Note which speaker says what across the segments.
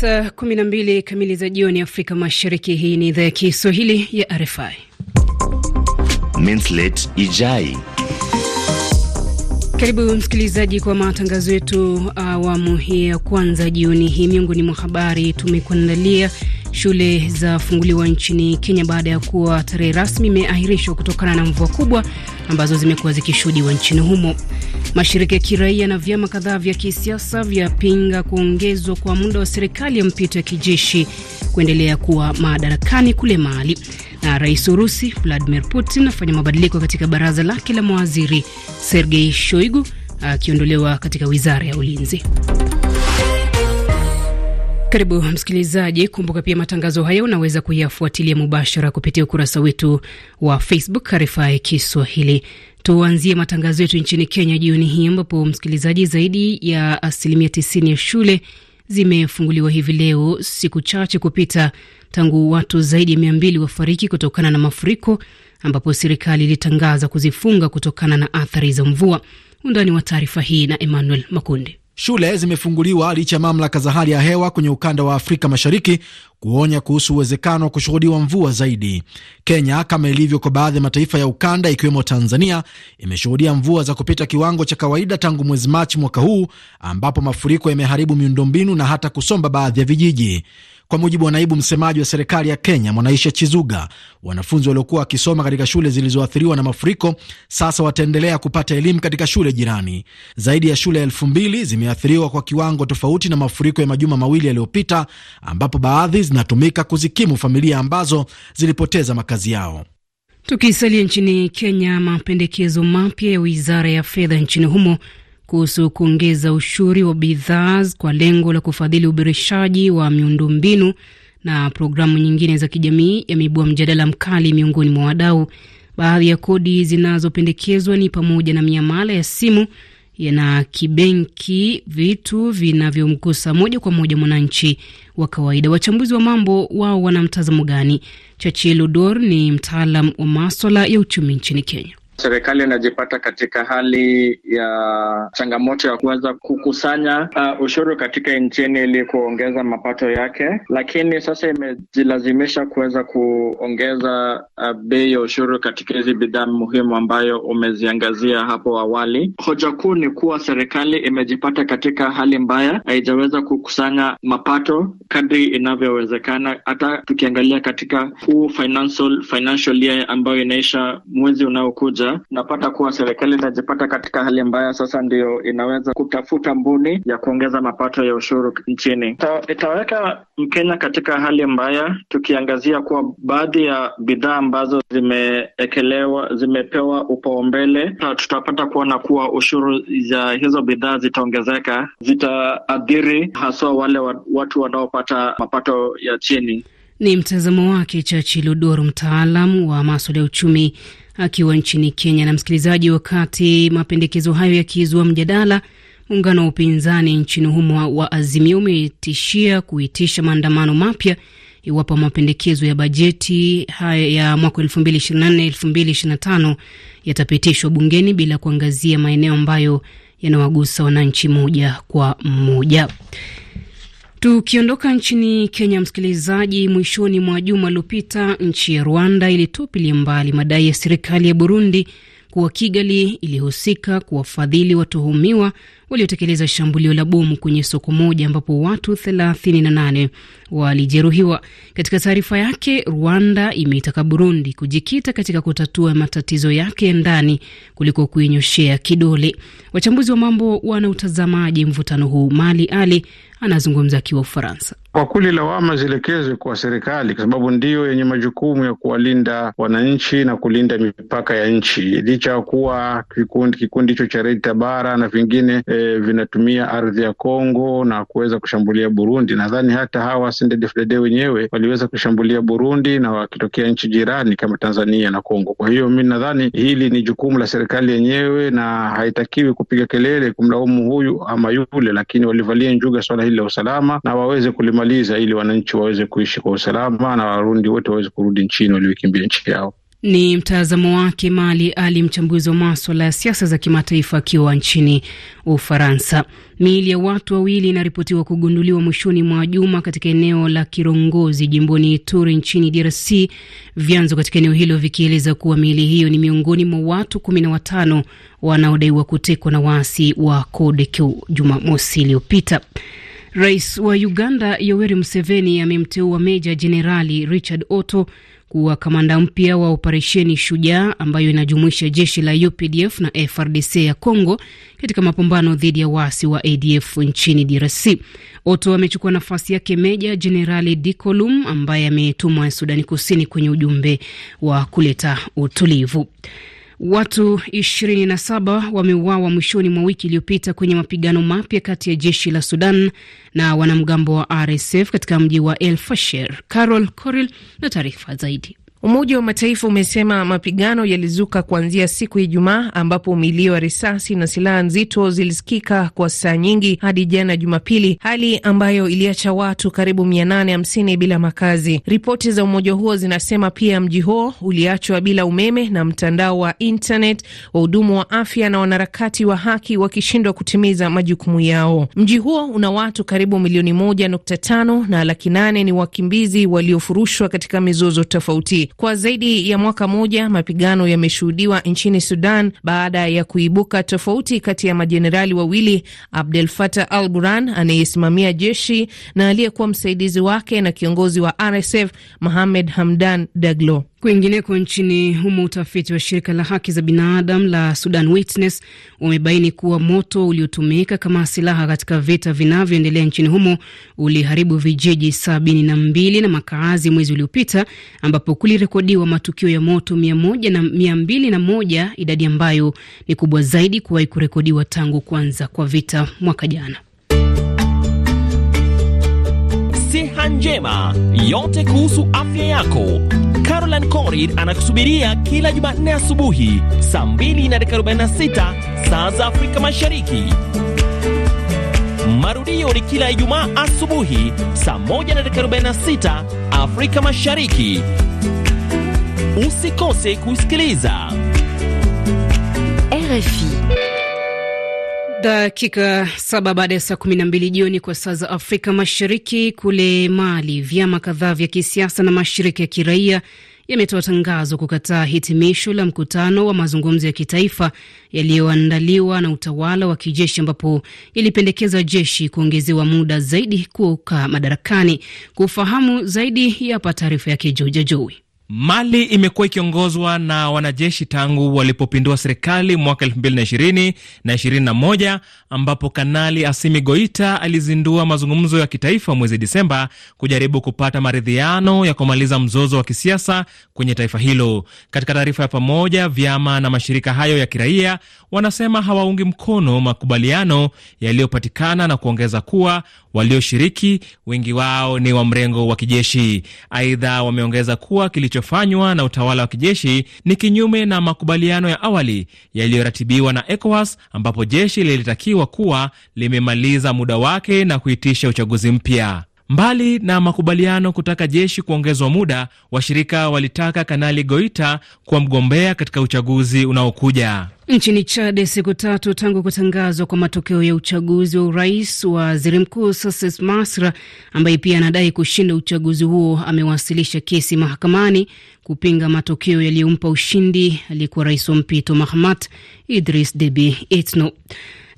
Speaker 1: Saa 12 kamili za jioni Afrika Mashariki. Hii ni idhaa ya Kiswahili ya RFI.
Speaker 2: Mintlet Ijai.
Speaker 1: Karibu msikilizaji kwa matangazo yetu uh, awamu hii ya kwanza jioni hii. Miongoni mwa habari tumekuandalia Shule za funguliwa nchini Kenya baada ya kuwa tarehe rasmi imeahirishwa kutokana na mvua kubwa ambazo zimekuwa zikishuhudiwa nchini humo. Mashirika ya kiraia na vyama kadhaa vya kisiasa vyapinga kuongezwa kwa muda wa serikali ya mpito ya kijeshi kuendelea kuwa madarakani kule Mali. Na rais Urusi Vladimir Putin afanya mabadiliko katika baraza lake la mawaziri, Sergei Shoigu akiondolewa katika wizara ya ulinzi. Karibu msikilizaji, kumbuka pia matangazo haya unaweza kuyafuatilia mubashara kupitia ukurasa wetu wa Facebook arifa ya Kiswahili. Tuanzie matangazo yetu nchini Kenya jioni hii, ambapo msikilizaji, zaidi ya asilimia 90 ya shule zimefunguliwa hivi leo, siku chache kupita tangu watu zaidi ya 200 wafariki kutokana na mafuriko, ambapo serikali ilitangaza kuzifunga kutokana na athari za mvua. Undani wa taarifa hii na Emmanuel Makundi. Shule zimefunguliwa
Speaker 2: licha ya mamlaka za hali ya hewa kwenye ukanda wa Afrika Mashariki kuonya kuhusu uwezekano wa kushuhudiwa mvua zaidi. Kenya, kama ilivyo kwa baadhi ya mataifa ya ukanda ikiwemo Tanzania, imeshuhudia mvua za kupita kiwango cha kawaida tangu mwezi Machi mwaka huu, ambapo mafuriko yameharibu miundombinu na hata kusomba baadhi ya vijiji. Kwa mujibu wa naibu msemaji wa serikali ya Kenya, Mwanaisha Chizuga, wanafunzi waliokuwa wakisoma katika shule zilizoathiriwa na mafuriko sasa wataendelea kupata elimu katika shule jirani. Zaidi ya shule elfu mbili zimeathiriwa kwa kiwango tofauti na mafuriko ya majuma mawili yaliyopita, ambapo baadhi zinatumika kuzikimu familia ambazo zilipoteza makazi yao.
Speaker 1: Tukisalia nchini Kenya, mapendekezo mapya ya wizara ya fedha nchini humo kuhusu kuongeza ushuri wa bidhaa kwa lengo la kufadhili uboreshaji wa miundombinu na programu nyingine za kijamii yameibua mjadala mkali miongoni mwa wadau. Baadhi ya kodi zinazopendekezwa ni pamoja na miamala ya simu yana kibenki, vitu vinavyomgusa moja kwa moja mwananchi wa kawaida. Wachambuzi wa mambo wao wana mtazamo gani? Chachi Ludor ni mtaalam wa maswala ya uchumi nchini Kenya.
Speaker 3: Serikali inajipata katika hali ya changamoto ya kuweza kukusanya uh, ushuru katika nchini ili kuongeza mapato yake, lakini sasa imejilazimisha kuweza kuongeza uh, bei ya ushuru katika hizi bidhaa muhimu ambayo umeziangazia hapo awali. Hoja kuu ni kuwa serikali imejipata katika hali mbaya, haijaweza kukusanya mapato kadri inavyowezekana. Hata tukiangalia katika huu financial, financial year ambayo inaisha mwezi unaokuja moja, napata kuwa serikali inajipata katika hali mbaya sasa, ndio inaweza kutafuta mbuni ya kuongeza mapato ya ushuru nchini. Ta, itaweka Mkenya katika hali mbaya, tukiangazia kuwa baadhi ya bidhaa ambazo zimeekelewa zimepewa upaumbele, tutapata kuona kuwa ushuru za hizo bidhaa zitaongezeka, zitaadhiri haswa wale wa, watu wanaopata mapato ya chini.
Speaker 1: Ni mtazamo wake Chachiludoro, mtaalam wa maswala ya uchumi akiwa nchini Kenya. Na msikilizaji, wakati mapendekezo hayo yakiizua mjadala, muungano wa upinzani nchini humo wa Azimio umetishia kuitisha maandamano mapya iwapo mapendekezo ya bajeti haya ya mwaka na tano yatapitishwa bungeni bila kuangazia maeneo ambayo yanawagusa wananchi moja kwa moja. Tukiondoka nchini Kenya, msikilizaji, mwishoni mwa juma liopita nchi ya Rwanda ilitupilia mbali madai ya serikali ya Burundi kuwa Kigali ilihusika kuwafadhili watuhumiwa waliotekeleza shambulio la bomu kwenye soko moja ambapo watu 38 walijeruhiwa. Katika taarifa yake, Rwanda imeitaka Burundi kujikita katika kutatua matatizo yake ndani kuliko kuinyoshea kidole. Wachambuzi wa mambo wanautazamaji mvutano huu? Mali Ali anazungumza akiwa Ufaransa.
Speaker 2: Kwa kweli lawama zielekezwe kwa serikali, kwa sababu ndiyo yenye majukumu ya kuwalinda wananchi na kulinda mipaka ya nchi, licha ya kuwa kikundi kikundi hicho cha Red Tabara na vingine e, vinatumia ardhi ya Kongo na kuweza kushambulia Burundi. Nadhani hata hawa CNDD-FDD wenyewe waliweza kushambulia Burundi na wakitokea nchi jirani kama Tanzania na Kongo. Kwa hiyo mi nadhani hili ni jukumu la serikali yenyewe, na haitakiwi kupiga kelele kumlaumu huyu ama yule, lakini walivalia njuga swala hili la usalama na waweze kulimaliza ili wananchi waweze kuishi kwa usalama na Warundi wote waweze kurudi nchini waliokimbia nchi yao.
Speaker 1: Ni mtazamo wake Mali Ali, mchambuzi wa maswala ya siasa za kimataifa akiwa nchini Ufaransa. Miili ya watu wawili inaripotiwa kugunduliwa mwishoni mwa juma katika eneo la Kirongozi jimboni Ituri nchini DRC, vyanzo katika eneo hilo vikieleza kuwa miili hiyo ni miongoni mwa watu kumi na watano wanaodaiwa kutekwa na waasi wa CODECO Jumamosi iliyopita. Rais wa Uganda Yoweri Museveni amemteua Meja Jenerali Richard Otto kuwa kamanda mpya wa operesheni Shujaa ambayo inajumuisha jeshi la UPDF na FRDC ya Congo katika mapambano dhidi ya waasi wa ADF nchini DRC. Otto amechukua nafasi yake Meja Jenerali Dikolum ambaye ametumwa Sudani Kusini kwenye ujumbe wa kuleta utulivu. Watu 27 wameuawa mwishoni mwa wiki iliyopita kwenye mapigano mapya kati ya jeshi la Sudan na wanamgambo wa RSF katika mji wa El Fasher. Carol Coril na taarifa zaidi. Umoja wa Mataifa umesema mapigano yalizuka kuanzia siku ya Ijumaa ambapo milio ya risasi na silaha nzito zilisikika kwa saa nyingi hadi jana Jumapili, hali ambayo iliacha watu karibu 850 bila makazi. Ripoti za umoja huo zinasema pia mji huo uliachwa bila umeme na mtandao wa internet, wahudumu wa afya na wanaharakati wa haki wakishindwa kutimiza majukumu yao. Mji huo una watu karibu milioni 1.5 na laki 8 ni wakimbizi waliofurushwa katika mizozo tofauti. Kwa zaidi ya mwaka moja, mapigano yameshuhudiwa nchini Sudan baada ya kuibuka tofauti kati ya majenerali wawili, Abdel Fattah al Burhan anayesimamia jeshi na aliyekuwa msaidizi wake na kiongozi wa RSF Mohamed Hamdan Daglo. Kwingineko nchini humo, utafiti wa shirika la haki za binadamu la Sudan Witness umebaini kuwa moto uliotumika kama silaha katika vita vinavyoendelea nchini humo uliharibu vijiji sabini na mbili na makaazi mwezi uliopita, ambapo kulirekodiwa matukio ya moto mia moja na mia mbili na moja, idadi ambayo ni kubwa zaidi kuwahi kurekodiwa tangu kuanza kwa vita mwaka jana.
Speaker 3: Njema, yote kuhusu afya yako. Caroline Corid anakusubiria kila Jumanne asubuhi saa 246 saa za Afrika Mashariki. Marudio ni kila Ijumaa asubuhi saa 146 Afrika Mashariki.
Speaker 1: Usikose kusikiliza RFI. Dakika saba baada ya saa kumi na mbili jioni kwa saa za Afrika Mashariki. Kule Mali, vyama kadhaa vya kisiasa na mashirika ya kiraia yametoa tangazo kukataa hitimisho la mkutano wa mazungumzo ya kitaifa yaliyoandaliwa na utawala wa kijeshi ambapo ilipendekeza jeshi kuongezewa muda zaidi kuokaa madarakani. Kufahamu zaidi, yapa taarifa yake Joja Jowi.
Speaker 2: Mali imekuwa ikiongozwa na wanajeshi tangu walipopindua serikali mwaka elfu na ishirini ambapo Kanali Asimi Goita alizindua mazungumzo ya kitaifa mwezi Disemba kujaribu kupata maridhiano ya kumaliza mzozo wa kisiasa kwenye taifa hilo. Katika taarifa ya pamoja, vyama na mashirika hayo ya kiraia wanasema hawaungi mkono makubaliano yaliyopatikana na kuongeza kuwa walioshiriki wengi wao ni wa mrengo wa kijeshi. Aidha, wameongeza kuwa kilicho kilichofanywa na utawala wa kijeshi ni kinyume na makubaliano ya awali yaliyoratibiwa na ECOWAS, ambapo jeshi lilitakiwa kuwa limemaliza muda wake na kuitisha uchaguzi mpya. Mbali na makubaliano kutaka jeshi kuongezwa muda, washirika walitaka Kanali Goita kuwa mgombea katika uchaguzi unaokuja.
Speaker 1: Nchini Chad, siku tatu tangu kutangazwa kwa matokeo ya uchaguzi wa urais, waziri mkuu Sases Masra, ambaye pia anadai kushinda uchaguzi huo, amewasilisha kesi mahakamani kupinga matokeo yaliyompa ushindi aliyekuwa rais wa mpito Mahamat Idris Debi Etno.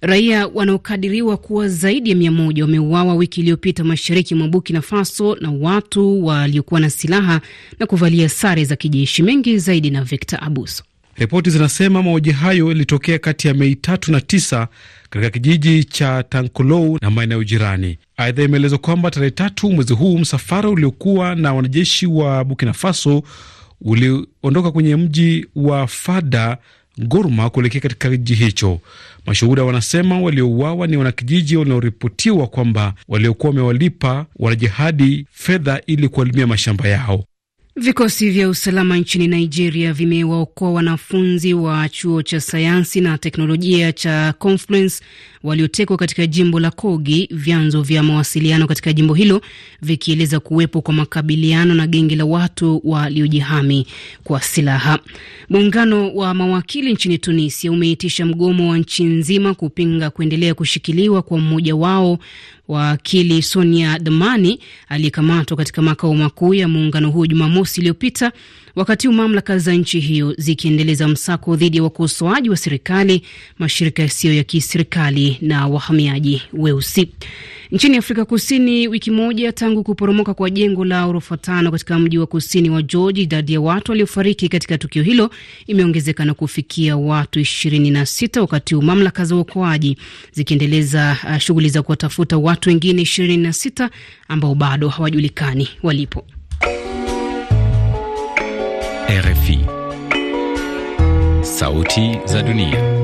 Speaker 1: Raia wanaokadiriwa kuwa zaidi ya mia moja wameuawa wiki iliyopita mashariki mwa Burkina Faso na watu waliokuwa na silaha na kuvalia sare za kijeshi. Mengi zaidi na Victor Abuso.
Speaker 2: Ripoti zinasema mauaji hayo yalitokea kati ya Mei tatu na tisa katika kijiji cha Tankolou na maeneo jirani. Aidha, imeelezwa kwamba tarehe tatu mwezi huu msafara uliokuwa na wanajeshi wa Burkina Faso uliondoka kwenye mji wa Fada Gurma kuelekea katika kijiji hicho. Mashuhuda wanasema waliouawa ni wanakijiji wanaoripotiwa kwamba waliokuwa wamewalipa wanajihadi fedha ili kuwalimia mashamba yao.
Speaker 1: Vikosi vya usalama nchini Nigeria vimewaokoa wanafunzi wa chuo cha sayansi na teknolojia cha Confluence waliotekwa katika jimbo la Kogi, vyanzo vya mawasiliano katika jimbo hilo vikieleza kuwepo kwa makabiliano na genge la watu waliojihami kwa silaha. Muungano wa mawakili nchini Tunisia umeitisha mgomo wa nchi nzima kupinga kuendelea kushikiliwa kwa mmoja wao Wakili Sonia Dhamani aliyekamatwa katika makao makuu ya muungano huo Jumamosi iliyopita, wakati huu mamlaka za nchi hiyo zikiendeleza msako dhidi ya wakosoaji wa serikali, mashirika yasiyo ya kiserikali na wahamiaji weusi. Nchini Afrika Kusini, wiki moja tangu kuporomoka kwa jengo la orofa tano katika mji wa kusini wa George, idadi ya watu waliofariki katika tukio hilo imeongezeka na kufikia watu sita wakati huu mamlaka za uokoaji zikiendeleza uh, shughuli za kuwatafuta watu wengine sita ambao bado hawajulikani walipo.
Speaker 2: RFI, Sauti za Dunia.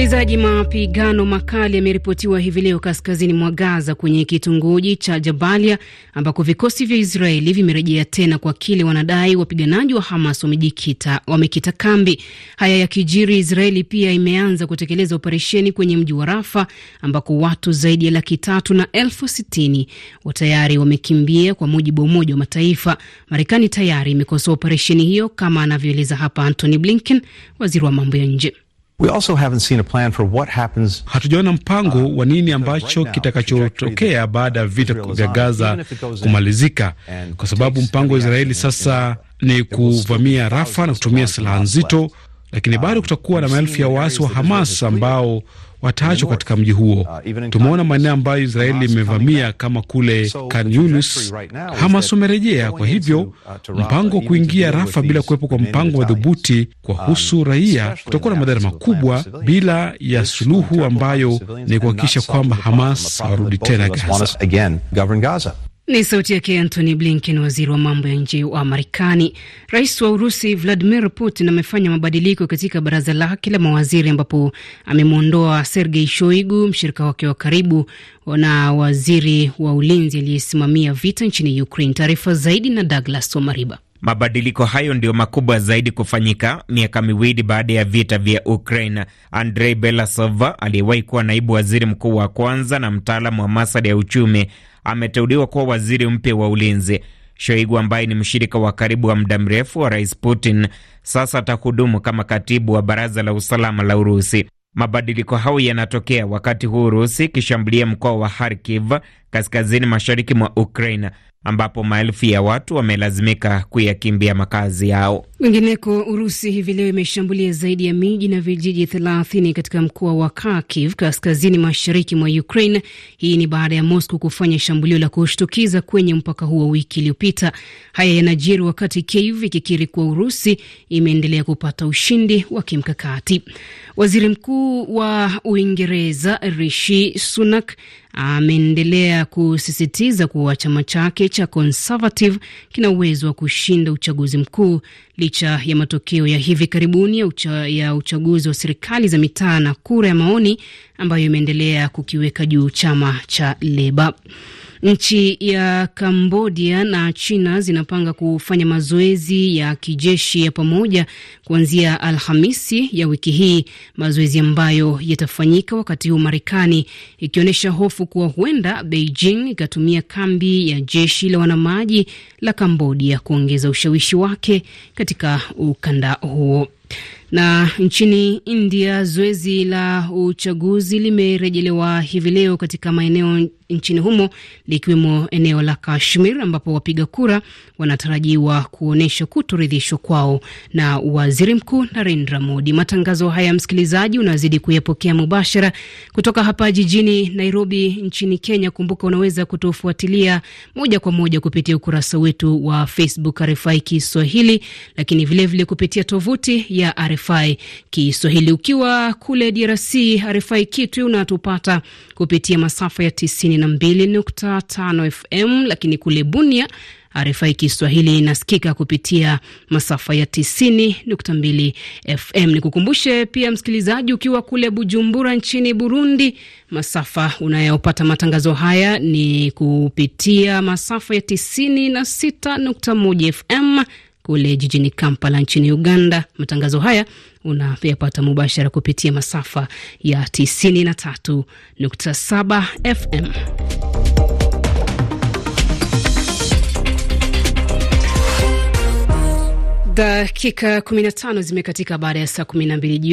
Speaker 1: Msikilizaji, mapigano makali yameripotiwa hivi leo kaskazini mwa Gaza kwenye kitongoji cha Jabalia ambako vikosi vya Israeli vimerejea tena kwa kile wanadai wapiganaji wa Hamas wamejikita wamekita kambi. Haya ya kijiri, Israeli pia imeanza kutekeleza operesheni kwenye mji wa Rafa ambako watu zaidi ya laki tatu na elfu sitini tayari wamekimbia, kwa mujibu wa Umoja wa Mataifa. Marekani tayari imekosoa operesheni hiyo, kama anavyoeleza hapa Antony Blinken, waziri wa mambo ya nje.
Speaker 2: Hatujaona mpango uh, wa nini ambacho kitakachotokea baada ya vita vya Gaza kumalizika, kwa sababu mpango wa Israeli sasa ni kuvamia Rafa na kutumia silaha nzito, lakini bado um, kutakuwa na maelfu ya waasi wa Hamas ambao wataachwa katika mji huo. Uh, Tumeona maeneo ambayo Israeli imevamia kama kule Khan Yunus. Hamas wamerejea. Kwa hivyo uh, mpango wa kuingia Rafa bila kuwepo kwa mpango madhubuti kuwahusu um, raia, kutakuwa na madhara makubwa bila ya suluhu ambayo ni kuhakikisha kwamba Hamas hawarudi tena Gaza.
Speaker 1: Ni sauti yake Antony Blinken, waziri wa mambo ya nje wa Marekani. Rais wa Urusi Vladimir Putin amefanya mabadiliko katika baraza lake la mawaziri ambapo amemwondoa Sergei Shoigu, mshirika wake wa karibu, na waziri wa ulinzi aliyesimamia vita nchini Ukraine. Taarifa zaidi na Douglas Omariba.
Speaker 3: Mabadiliko hayo ndiyo makubwa zaidi kufanyika miaka miwili baada ya vita vya Ukraine. Andrei Belasova aliyewahi kuwa naibu waziri mkuu wa kwanza na mtaalamu wa masada ya uchumi ameteuliwa kuwa waziri mpya wa ulinzi. Shoigu ambaye ni mshirika wa karibu wa muda mrefu wa rais Putin sasa atahudumu kama katibu wa baraza la usalama la Urusi. Mabadiliko hayo yanatokea wakati huu Urusi ikishambulia mkoa wa Kharkiv kaskazini mashariki mwa ukraine ambapo maelfu ya watu wamelazimika kuyakimbia makazi yao.
Speaker 1: Kwingineko, Urusi hivi leo imeshambulia zaidi ya miji na vijiji thelathini katika mkoa wa Kharkiv kaskazini mashariki mwa Ukraine. Hii ni baada ya Moscow kufanya shambulio la kushtukiza kwenye mpaka huo wiki iliyopita. Haya yanajiri wakati Kiev ikikiri kuwa Urusi imeendelea kupata ushindi wa kimkakati. Waziri Mkuu wa Uingereza Rishi Sunak ameendelea kusisitiza kuwa chama chake cha Conservative kina uwezo wa kushinda uchaguzi mkuu Licha ya matokeo ya hivi karibuni ya, ucha, ya uchaguzi wa serikali za mitaa na kura ya maoni ambayo imeendelea kukiweka juu chama cha Leba. Nchi ya Kambodia na China zinapanga kufanya mazoezi ya kijeshi ya pamoja kuanzia Alhamisi ya wiki hii, mazoezi ambayo yatafanyika wakati huu Marekani ikionyesha hofu kuwa huenda Beijing ikatumia kambi ya jeshi la wanamaji la Kambodia kuongeza ushawishi wake katika ukanda huo. Na nchini India, zoezi la uchaguzi limerejelewa hivi leo katika maeneo nchini humo likiwemo eneo la Kashmir ambapo wapiga kura wanatarajiwa kuonyesha kutoridhishwa kwao na waziri mkuu Narendra Modi. Matangazo haya, msikilizaji, unazidi kuyapokea mubashara kutoka hapa jijini Nairobi nchini Kenya. Kumbuka unaweza kutufuatilia moja kwa moja kupitia ukurasa wetu wa Facebook RFI Kiswahili, lakini vilevile vile kupitia tovuti ya RFI Kiswahili. Ukiwa kule DRC, RFI kitwi unatupata kupitia masafa ya 92.5 FM, lakini kule Bunia RFI Kiswahili inasikika kupitia masafa ya 90.2 FM. Nikukumbushe pia msikilizaji, ukiwa kule Bujumbura nchini Burundi, masafa unayopata matangazo haya ni kupitia masafa ya 96.1 FM kule jijini Kampala nchini Uganda. Matangazo haya unayapata mubashara kupitia masafa ya 93.7 FM. Dakika 15 zimekatika baada ya saa 12 jioni.